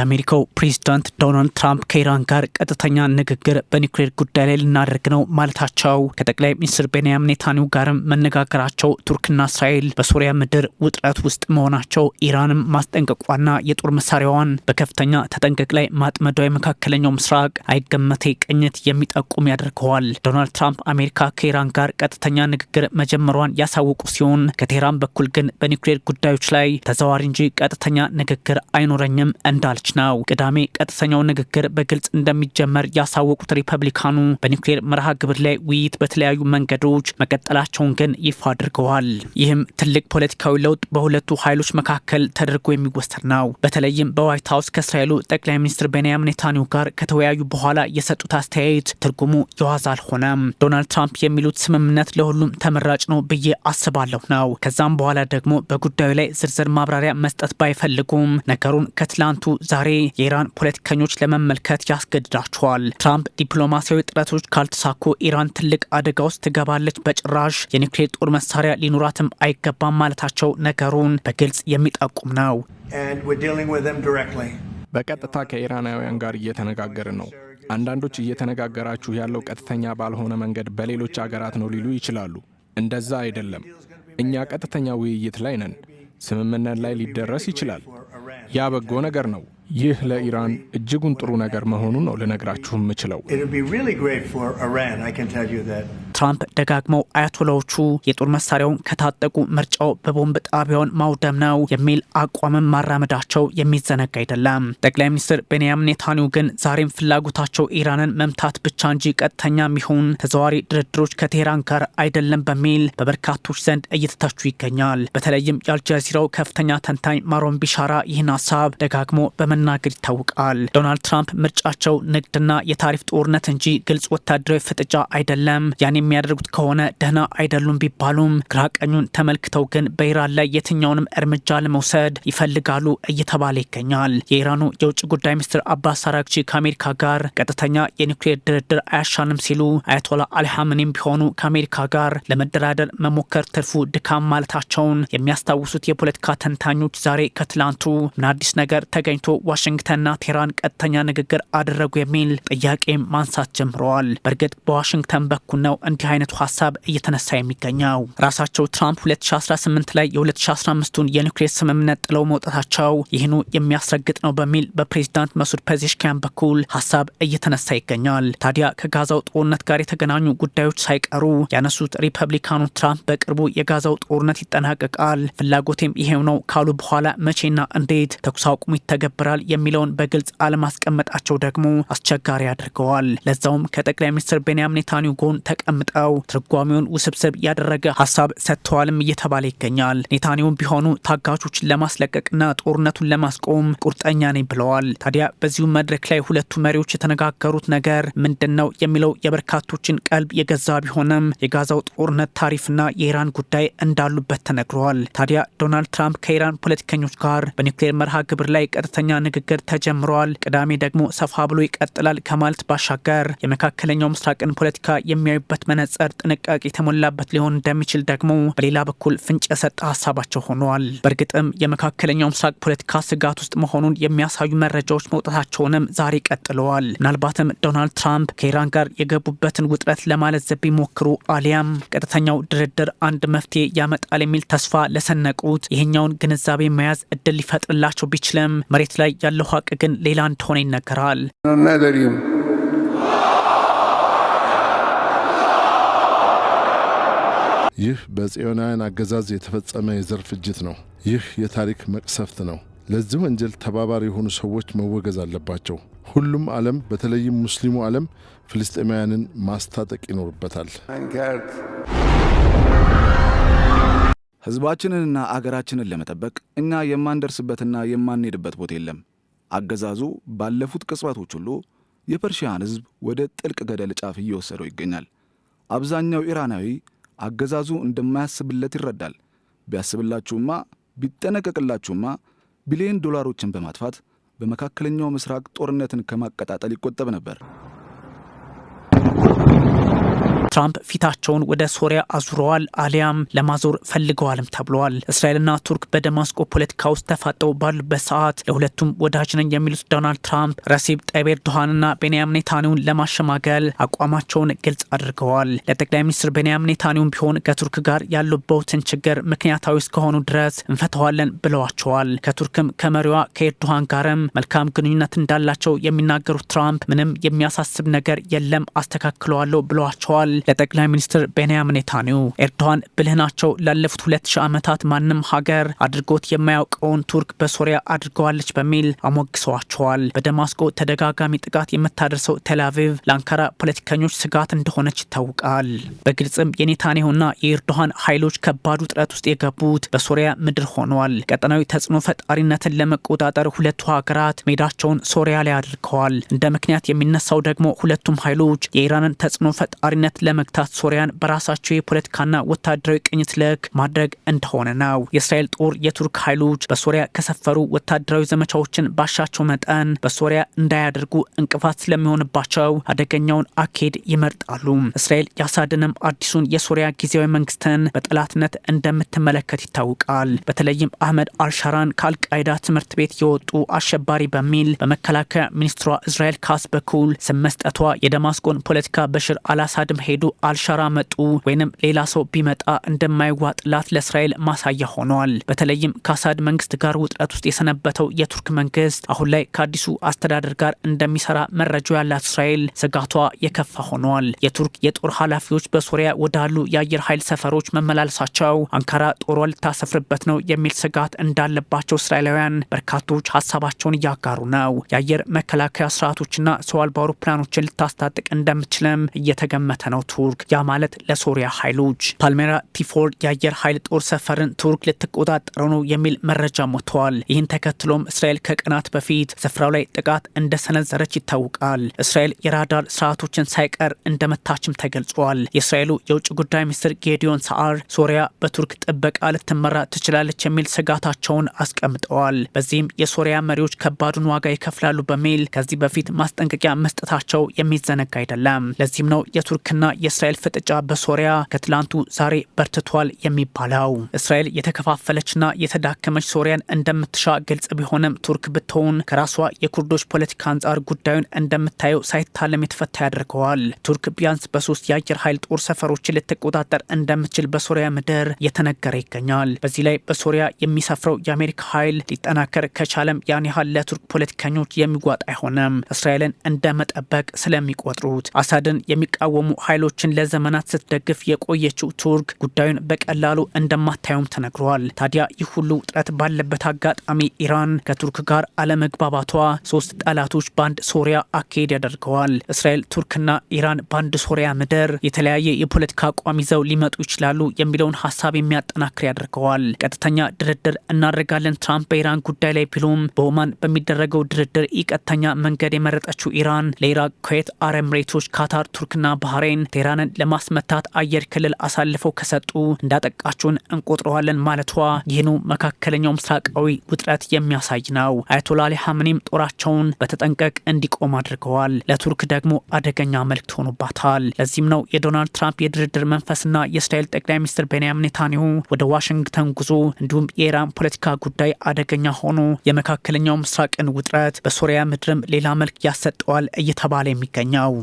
የአሜሪካው ፕሬዚዳንት ዶናልድ ትራምፕ ከኢራን ጋር ቀጥተኛ ንግግር በኒውክሌር ጉዳይ ላይ ልናደርግ ነው ማለታቸው፣ ከጠቅላይ ሚኒስትር ቤንያም ኔታንያሁ ጋርም መነጋገራቸው፣ ቱርክና እስራኤል በሶሪያ ምድር ውጥረት ውስጥ መሆናቸው፣ ኢራንም ማስጠንቀቋና የጦር መሳሪያዋን በከፍተኛ ተጠንቀቅ ላይ ማጥመዷ የመካከለኛው ምስራቅ አይገመቴ ቅኝት የሚጠቁም ያደርገዋል። ዶናልድ ትራምፕ አሜሪካ ከኢራን ጋር ቀጥተኛ ንግግር መጀመሯን ያሳወቁ ሲሆን ከቴህራን በኩል ግን በኒውክሌር ጉዳዮች ላይ ተዘዋሪ እንጂ ቀጥተኛ ንግግር አይኖረኝም እንዳልች ነው። ቅዳሜ ቀጥተኛው ንግግር በግልጽ እንደሚጀመር ያሳወቁት ሪፐብሊካኑ በኒውክሌር መርሃ ግብር ላይ ውይይት በተለያዩ መንገዶች መቀጠላቸውን ግን ይፋ አድርገዋል። ይህም ትልቅ ፖለቲካዊ ለውጥ በሁለቱ ኃይሎች መካከል ተደርጎ የሚወሰድ ነው። በተለይም በዋይት ሀውስ ከእስራኤሉ ጠቅላይ ሚኒስትር ቤንያሚን ኔታንያሁ ጋር ከተወያዩ በኋላ የሰጡት አስተያየት ትርጉሙ የዋዛ አልሆነም። ዶናልድ ትራምፕ የሚሉት ስምምነት ለሁሉም ተመራጭ ነው ብዬ አስባለሁ ነው። ከዛም በኋላ ደግሞ በጉዳዩ ላይ ዝርዝር ማብራሪያ መስጠት ባይፈልጉም ነገሩን ከትላንቱ ዛ ዛሬ የኢራን ፖለቲከኞች ለመመልከት ያስገድዳቸዋል። ትራምፕ ዲፕሎማሲያዊ ጥረቶች ካልተሳኩ ኢራን ትልቅ አደጋ ውስጥ ትገባለች፣ በጭራሽ የኒውክሌር ጦር መሳሪያ ሊኖራትም አይገባም ማለታቸው ነገሩን በግልጽ የሚጠቁም ነው። በቀጥታ ከኢራናውያን ጋር እየተነጋገርን ነው። አንዳንዶች እየተነጋገራችሁ ያለው ቀጥተኛ ባልሆነ መንገድ በሌሎች አገራት ነው ሊሉ ይችላሉ። እንደዛ አይደለም። እኛ ቀጥተኛ ውይይት ላይ ነን። ስምምነት ላይ ሊደረስ ይችላል። ያ በጎ ነገር ነው። ይህ ለኢራን እጅጉን ጥሩ ነገር መሆኑን ነው ልነግራችሁ የምችለው። ትራምፕ ደጋግመው አያቶላዎቹ የጦር መሳሪያውን ከታጠቁ ምርጫው በቦምብ ጣቢያውን ማውደም ነው የሚል አቋምን ማራመዳቸው የሚዘነጋ አይደለም። ጠቅላይ ሚኒስትር ቤንያሚን ኔታንያሁ ግን ዛሬም ፍላጎታቸው ኢራንን መምታት ብቻ እንጂ ቀጥተኛ የሚሆን ተዘዋሪ ድርድሮች ከቴህራን ጋር አይደለም በሚል በበርካቶች ዘንድ እየተተቹ ይገኛል። በተለይም የአልጀዚራው ከፍተኛ ተንታኝ ማሮን ቢሻራ ይህን ሀሳብ ደጋግሞ በመናገር ይታወቃል። ዶናልድ ትራምፕ ምርጫቸው ንግድና የታሪፍ ጦርነት እንጂ ግልጽ ወታደራዊ ፍጥጫ አይደለም ያኔ የሚያደርጉት ከሆነ ደህና አይደሉም ቢባሉም ግራቀኙን ተመልክተው ግን በኢራን ላይ የትኛውንም እርምጃ ለመውሰድ ይፈልጋሉ እየተባለ ይገኛል። የኢራኑ የውጭ ጉዳይ ሚኒስትር አባስ አራግቺ ከአሜሪካ ጋር ቀጥተኛ የኒውክሌር ድርድር አያሻንም ሲሉ አያቶላ አልሐምኒም ቢሆኑ ከአሜሪካ ጋር ለመደራደር መሞከር ትርፉ ድካም ማለታቸውን የሚያስታውሱት የፖለቲካ ተንታኞች ዛሬ ከትላንቱ ምን አዲስ ነገር ተገኝቶ ዋሽንግተንና ቴህራን ቀጥተኛ ንግግር አደረጉ የሚል ጥያቄ ማንሳት ጀምረዋል። በእርግጥ በዋሽንግተን በኩል ነው እንዲህ አይነቱ ሀሳብ እየተነሳ የሚገኘው ራሳቸው ትራምፕ 2018 ላይ የ2015ቱን የኒውክሌር ስምምነት ጥለው መውጣታቸው ይህኑ የሚያስረግጥ ነው በሚል በፕሬዚዳንት መሱድ ፐዜሽኪያን በኩል ሀሳብ እየተነሳ ይገኛል። ታዲያ ከጋዛው ጦርነት ጋር የተገናኙ ጉዳዮች ሳይቀሩ ያነሱት ሪፐብሊካኑ ትራምፕ በቅርቡ የጋዛው ጦርነት ይጠናቀቃል፣ ፍላጎቴም ይሄው ነው ካሉ በኋላ መቼና እንዴት ተኩስ አቁሙ ይተገብራል የሚለውን በግልጽ አለማስቀመጣቸው ደግሞ አስቸጋሪ አድርገዋል። ለዛውም ከጠቅላይ ሚኒስትር ቤንያሚን ኔታንያሁ ጎን ተቀም አስቀምጠው ትርጓሜውን ውስብስብ ያደረገ ሀሳብ ሰጥተዋልም እየተባለ ይገኛል። ኔታንያሁም ቢሆኑ ታጋቾችን ለማስለቀቅና ጦርነቱን ለማስቆም ቁርጠኛ ነኝ ብለዋል። ታዲያ በዚሁ መድረክ ላይ ሁለቱ መሪዎች የተነጋገሩት ነገር ምንድን ነው የሚለው የበርካቶችን ቀልብ የገዛ ቢሆንም የጋዛው ጦርነት ታሪፍና የኢራን ጉዳይ እንዳሉበት ተነግሯል። ታዲያ ዶናልድ ትራምፕ ከኢራን ፖለቲከኞች ጋር በኒውክሌር መርሃ ግብር ላይ ቀጥተኛ ንግግር ተጀምረዋል። ቅዳሜ ደግሞ ሰፋ ብሎ ይቀጥላል ከማለት ባሻገር የመካከለኛው ምስራቅን ፖለቲካ የሚያዩበት መነጽር ጥንቃቄ የተሞላበት ሊሆን እንደሚችል ደግሞ በሌላ በኩል ፍንጭ የሰጠ ሀሳባቸው ሆነዋል። በእርግጥም የመካከለኛው ምስራቅ ፖለቲካ ስጋት ውስጥ መሆኑን የሚያሳዩ መረጃዎች መውጣታቸውንም ዛሬ ቀጥለዋል። ምናልባትም ዶናልድ ትራምፕ ከኢራን ጋር የገቡበትን ውጥረት ለማለዘብ ቢሞክሩ አሊያም ቀጥተኛው ድርድር አንድ መፍትሄ ያመጣል የሚል ተስፋ ለሰነቁት ይሄኛውን ግንዛቤ መያዝ እድል ሊፈጥርላቸው ቢችልም መሬት ላይ ያለው ሀቅ ግን ሌላ እንደሆነ ይነገራል። ይህ በጽዮናውያን አገዛዝ የተፈጸመ የዘር ፍጅት ነው። ይህ የታሪክ መቅሰፍት ነው። ለዚህ ወንጀል ተባባሪ የሆኑ ሰዎች መወገዝ አለባቸው። ሁሉም ዓለም በተለይም ሙስሊሙ ዓለም ፍልስጤማውያንን ማስታጠቅ ይኖርበታል። ህዝባችንንና አገራችንን ለመጠበቅ እኛ የማንደርስበትና የማንሄድበት ቦታ የለም። አገዛዙ ባለፉት ቅጽበቶች ሁሉ የፐርሺያን ህዝብ ወደ ጥልቅ ገደል ጫፍ እየወሰደው ይገኛል። አብዛኛው ኢራናዊ አገዛዙ እንደማያስብለት ይረዳል። ቢያስብላችሁማ ቢጠነቀቅላችሁማ ቢሊዮን ዶላሮችን በማጥፋት በመካከለኛው ምስራቅ ጦርነትን ከማቀጣጠል ይቆጠብ ነበር። ትራምፕ ፊታቸውን ወደ ሶሪያ አዙረዋል አሊያም ለማዞር ፈልገዋልም ተብለዋል። እስራኤልና ቱርክ በደማስቆ ፖለቲካ ውስጥ ተፋጠው ባሉበት ሰዓት ለሁለቱም ወዳጅ ነኝ የሚሉት ዶናልድ ትራምፕ ረሲብ ጠይብ ኤርዶሃንና ቤንያም ኔታኒውን ለማሸማገል አቋማቸውን ግልጽ አድርገዋል። ለጠቅላይ ሚኒስትር ቤንያም ኔታኒውን ቢሆን ከቱርክ ጋር ያሉበትን ችግር ምክንያታዊ እስከሆኑ ድረስ እንፈተዋለን ብለዋቸዋል። ከቱርክም ከመሪዋ ከኤርዶሃን ጋርም መልካም ግንኙነት እንዳላቸው የሚናገሩት ትራምፕ ምንም የሚያሳስብ ነገር የለም አስተካክለዋለሁ ብለዋቸዋል። ለጠቅላይ ሚኒስትር ቤንያሚን ኔታንያሁ ኤርዶዋን ብልህ ናቸው ላለፉት ሁለት ሺህ ዓመታት ማንም ሀገር አድርጎት የማያውቀውን ቱርክ በሶሪያ አድርገዋለች በሚል አሞግሰዋቸዋል። በደማስቆ ተደጋጋሚ ጥቃት የምታደርሰው ቴላቪቭ ለአንካራ ፖለቲከኞች ስጋት እንደሆነች ይታወቃል። በግልጽም የኔታንያሁና የኤርዶሃን ኃይሎች ከባድ ውጥረት ውስጥ የገቡት በሶሪያ ምድር ሆኗል። ቀጠናዊ ተጽዕኖ ፈጣሪነትን ለመቆጣጠር ሁለቱ ሀገራት ሜዳቸውን ሶሪያ ላይ አድርገዋል። እንደ ምክንያት የሚነሳው ደግሞ ሁለቱም ኃይሎች የኢራንን ተጽዕኖ ፈጣሪነት ለመግታት ሶሪያን በራሳቸው የፖለቲካና ወታደራዊ ቅኝት ልክ ማድረግ እንደሆነ ነው። የእስራኤል ጦር የቱርክ ኃይሎች በሶሪያ ከሰፈሩ ወታደራዊ ዘመቻዎችን ባሻቸው መጠን በሶሪያ እንዳያደርጉ እንቅፋት ስለሚሆንባቸው አደገኛውን አካሄድ ይመርጣሉ። እስራኤል ያሳድንም አዲሱን የሶሪያ ጊዜያዊ መንግስትን በጠላትነት እንደምትመለከት ይታወቃል። በተለይም አህመድ አልሻራን ከአልቃይዳ ትምህርት ቤት የወጡ አሸባሪ በሚል በመከላከያ ሚኒስትሯ እስራኤል ካስ በኩል ስም መስጠቷ የደማስቆን ፖለቲካ በሽር አላሳድም ሄዱ ሄዱ አልሻራ መጡ ወይንም ሌላ ሰው ቢመጣ እንደማይዋጥላት ለእስራኤል ማሳያ ሆነዋል። በተለይም ከአሳድ መንግስት ጋር ውጥረት ውስጥ የሰነበተው የቱርክ መንግስት አሁን ላይ ከአዲሱ አስተዳደር ጋር እንደሚሰራ መረጃው ያላት እስራኤል ስጋቷ የከፋ ሆነዋል። የቱርክ የጦር ኃላፊዎች በሶሪያ ወዳሉ የአየር ኃይል ሰፈሮች መመላለሳቸው አንካራ ጦሯ ልታሰፍርበት ነው የሚል ስጋት እንዳለባቸው እስራኤላውያን በርካቶች ሀሳባቸውን እያጋሩ ነው። የአየር መከላከያ ስርዓቶችና ሰው አልባ አውሮፕላኖችን ልታስታጥቅ እንደምችልም እየተገመተ ነው። ቱርክ። ያ ማለት ለሶሪያ ኃይሎች ፓልሜራ ቲፎር የአየር ኃይል ጦር ሰፈርን ቱርክ ልትቆጣጠረው ነው የሚል መረጃ ሞተዋል። ይህን ተከትሎም እስራኤል ከቀናት በፊት ስፍራው ላይ ጥቃት እንደሰነዘረች ይታወቃል። እስራኤል የራዳር ስርዓቶችን ሳይቀር እንደመታችም ተገልጿል። የእስራኤሉ የውጭ ጉዳይ ሚኒስትር ጌዲዮን ሰዓር ሶሪያ በቱርክ ጥበቃ ልትመራ ትችላለች የሚል ስጋታቸውን አስቀምጠዋል። በዚህም የሶሪያ መሪዎች ከባዱን ዋጋ ይከፍላሉ በሚል ከዚህ በፊት ማስጠንቀቂያ መስጠታቸው የሚዘነጋ አይደለም። ለዚህም ነው የቱርክና የእስራኤል ፍጥጫ በሶሪያ ከትላንቱ ዛሬ በርትቷል የሚባለው እስራኤል የተከፋፈለችና የተዳከመች ሶሪያን እንደምትሻ ግልጽ ቢሆንም ቱርክ ብትሆን ከራሷ የኩርዶች ፖለቲካ አንጻር ጉዳዩን እንደምታየው ሳይታለም የተፈታ ያደርገዋል። ቱርክ ቢያንስ በሶስት የአየር ኃይል ጦር ሰፈሮችን ልትቆጣጠር እንደምትችል በሶሪያ ምድር የተነገረ ይገኛል። በዚህ ላይ በሶሪያ የሚሰፍረው የአሜሪካ ኃይል ሊጠናከር ከቻለም ያን ያህል ለቱርክ ፖለቲከኞች የሚጓጥ አይሆንም። እስራኤልን እንደመጠበቅ ስለሚቆጥሩት አሳድን የሚቃወሙ ኃይሎች ኃይሎችን ለዘመናት ስትደግፍ የቆየችው ቱርክ ጉዳዩን በቀላሉ እንደማታየውም ተነግሯል። ታዲያ ይህ ሁሉ ውጥረት ባለበት አጋጣሚ ኢራን ከቱርክ ጋር አለመግባባቷ ሶስት ጠላቶች በአንድ ሶሪያ አካሄድ ያደርገዋል። እስራኤል፣ ቱርክና ኢራን በአንድ ሶሪያ ምድር የተለያየ የፖለቲካ አቋም ይዘው ሊመጡ ይችላሉ የሚለውን ሀሳብ የሚያጠናክር ያደርገዋል። ቀጥተኛ ድርድር እናደርጋለን ትራምፕ በኢራን ጉዳይ ላይ ቢሉም በኦማን በሚደረገው ድርድር ኢ ቀጥተኛ መንገድ የመረጠችው ኢራን ለኢራቅ፣ ኩዌት፣ አረምሬቶች፣ ካታር፣ ቱርክና ባህሬን ቴህራንን ለማስመታት አየር ክልል አሳልፈው ከሰጡ እንዳጠቃችሁን እንቆጥረዋለን ማለቷ ይህኑ መካከለኛው ምስራቃዊ ውጥረት የሚያሳይ ነው። አያቶላ አሊ ጦራቸውን በተጠንቀቅ እንዲቆም አድርገዋል። ለቱርክ ደግሞ አደገኛ መልክት ሆኑባታል። ለዚህም ነው የዶናልድ ትራምፕ የድርድር መንፈስና የእስራኤል ጠቅላይ ሚኒስትር ቤንያሚን ኔታንያሁ ወደ ዋሽንግተን ጉዞ እንዲሁም የኢራን ፖለቲካ ጉዳይ አደገኛ ሆኖ የመካከለኛው ምስራቅን ውጥረት በሶሪያ ምድርም ሌላ መልክ ያሰጠዋል እየተባለ የሚገኘው